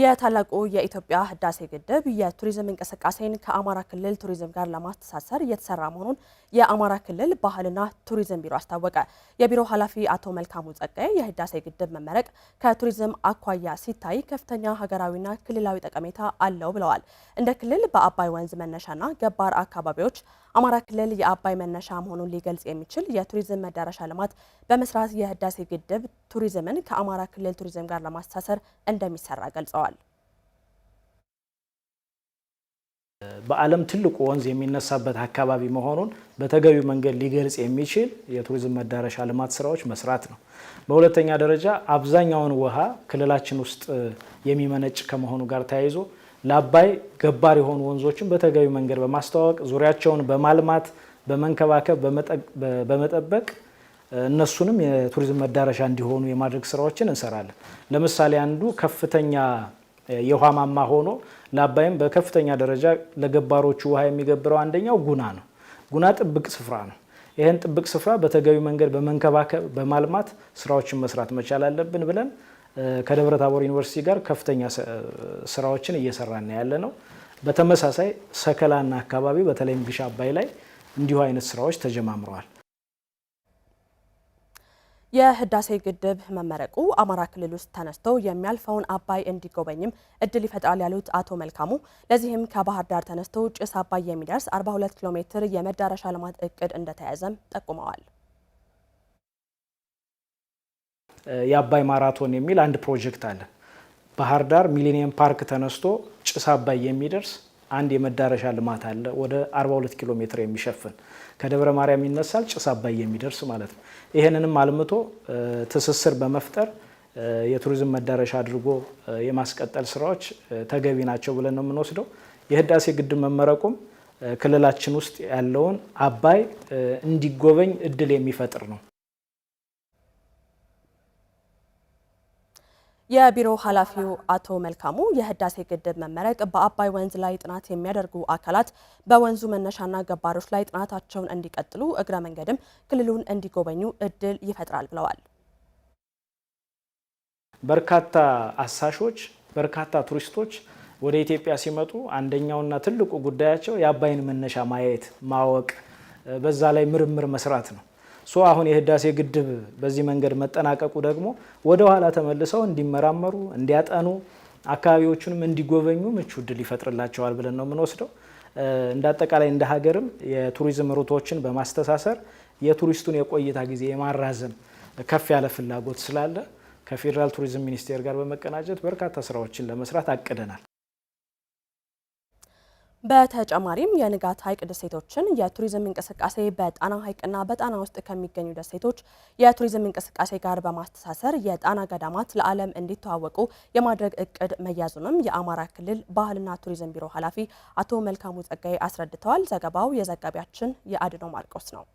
የታላቁ የኢትዮጵያ ህዳሴ ግድብ የቱሪዝም እንቅስቃሴን ከአማራ ክልል ቱሪዝም ጋር ለማስተሳሰር እየተሰራ መሆኑን የአማራ ክልል ባህልና ቱሪዝም ቢሮ አስታወቀ። የቢሮ ኃላፊ አቶ መልካሙ ጸጋዬ የህዳሴ ግድብ መመረቅ ከቱሪዝም አኳያ ሲታይ ከፍተኛ ሀገራዊና ክልላዊ ጠቀሜታ አለው ብለዋል። እንደ ክልል በአባይ ወንዝ መነሻና ገባር አካባቢዎች አማራ ክልል የአባይ መነሻ መሆኑን ሊገልጽ የሚችል የቱሪዝም መዳረሻ ልማት በመስራት የህዳሴ ግድብ ቱሪዝምን ከአማራ ክልል ቱሪዝም ጋር ለማስተሳሰር እንደሚሰራ ገልጸዋል። በዓለም ትልቁ ወንዝ የሚነሳበት አካባቢ መሆኑን በተገቢው መንገድ ሊገልጽ የሚችል የቱሪዝም መዳረሻ ልማት ስራዎች መስራት ነው። በሁለተኛ ደረጃ አብዛኛውን ውሃ ክልላችን ውስጥ የሚመነጭ ከመሆኑ ጋር ተያይዞ ለአባይ ገባር የሆኑ ወንዞችን በተገቢው መንገድ በማስተዋወቅ ዙሪያቸውን በማልማት በመንከባከብ በመጠበቅ እነሱንም የቱሪዝም መዳረሻ እንዲሆኑ የማድረግ ስራዎችን እንሰራለን። ለምሳሌ አንዱ ከፍተኛ የውሃ ማማ ሆኖ ለአባይም በከፍተኛ ደረጃ ለገባሮቹ ውሃ የሚገብረው አንደኛው ጉና ነው። ጉና ጥብቅ ስፍራ ነው። ይህን ጥብቅ ስፍራ በተገቢ መንገድ በመንከባከብ በማልማት ስራዎችን መስራት መቻል አለብን ብለን ከደብረ ታቦር ዩኒቨርሲቲ ጋር ከፍተኛ ስራዎችን እየሰራን ያለ ነው። በተመሳሳይ ሰከላና አካባቢ በተለይም ግሽ አባይ ላይ እንዲሁ አይነት ስራዎች ተጀማምረዋል። የህዳሴ ግድብ መመረቁ አማራ ክልል ውስጥ ተነስቶ የሚያልፈውን አባይ እንዲጎበኝም እድል ይፈጥራል ያሉት አቶ መልካሙ ለዚህም ከባህር ዳር ተነስቶ ጭስ አባይ የሚደርስ 42 ኪሎ ሜትር የመዳረሻ ልማት እቅድ እንደተያዘም ጠቁመዋል። የአባይ ማራቶን የሚል አንድ ፕሮጀክት አለ። ባህር ዳር ሚሊኒየም ፓርክ ተነስቶ ጭስ አባይ የሚደርስ አንድ የመዳረሻ ልማት አለ ወደ 42 ኪሎ ሜትር የሚሸፍን ከደብረ ማርያም ይነሳል ጭስ አባይ የሚደርስ ማለት ነው። ይህንንም አልምቶ ትስስር በመፍጠር የቱሪዝም መዳረሻ አድርጎ የማስቀጠል ስራዎች ተገቢ ናቸው ብለን ነው የምንወስደው። የህዳሴ ግድብ መመረቁም ክልላችን ውስጥ ያለውን አባይ እንዲጎበኝ እድል የሚፈጥር ነው። የቢሮ ኃላፊው አቶ መልካሙ የህዳሴ ግድብ መመረቅ በአባይ ወንዝ ላይ ጥናት የሚያደርጉ አካላት በወንዙ መነሻና ገባሮች ላይ ጥናታቸውን እንዲቀጥሉ እግረ መንገድም ክልሉን እንዲጎበኙ እድል ይፈጥራል ብለዋል። በርካታ አሳሾች፣ በርካታ ቱሪስቶች ወደ ኢትዮጵያ ሲመጡ አንደኛውና ትልቁ ጉዳያቸው የአባይን መነሻ ማየት፣ ማወቅ፣ በዛ ላይ ምርምር መስራት ነው። ሶ አሁን የህዳሴ ግድብ በዚህ መንገድ መጠናቀቁ ደግሞ ወደ ኋላ ተመልሰው እንዲመራመሩ፣ እንዲያጠኑ፣ አካባቢዎቹንም እንዲጎበኙ ምቹ እድል ይፈጥርላቸዋል ብለን ነው የምንወስደው። እንደ አጠቃላይ እንደ ሀገርም የቱሪዝም ሩቶችን በማስተሳሰር የቱሪስቱን የቆይታ ጊዜ የማራዘም ከፍ ያለ ፍላጎት ስላለ ከፌዴራል ቱሪዝም ሚኒስቴር ጋር በመቀናጀት በርካታ ስራዎችን ለመስራት አቅደናል። በተጨማሪም የንጋት ሐይቅ ደሴቶችን የቱሪዝም እንቅስቃሴ በጣና ሐይቅና በጣና ውስጥ ከሚገኙ ደሴቶች የቱሪዝም እንቅስቃሴ ጋር በማስተሳሰር የጣና ገዳማት ለዓለም እንዲተዋወቁ የማድረግ እቅድ መያዙንም የአማራ ክልል ባህልና ቱሪዝም ቢሮ ኃላፊ አቶ መልካሙ ጸጋዬ አስረድተዋል። ዘገባው የዘጋቢያችን የአድኖ ማርቆስ ነው።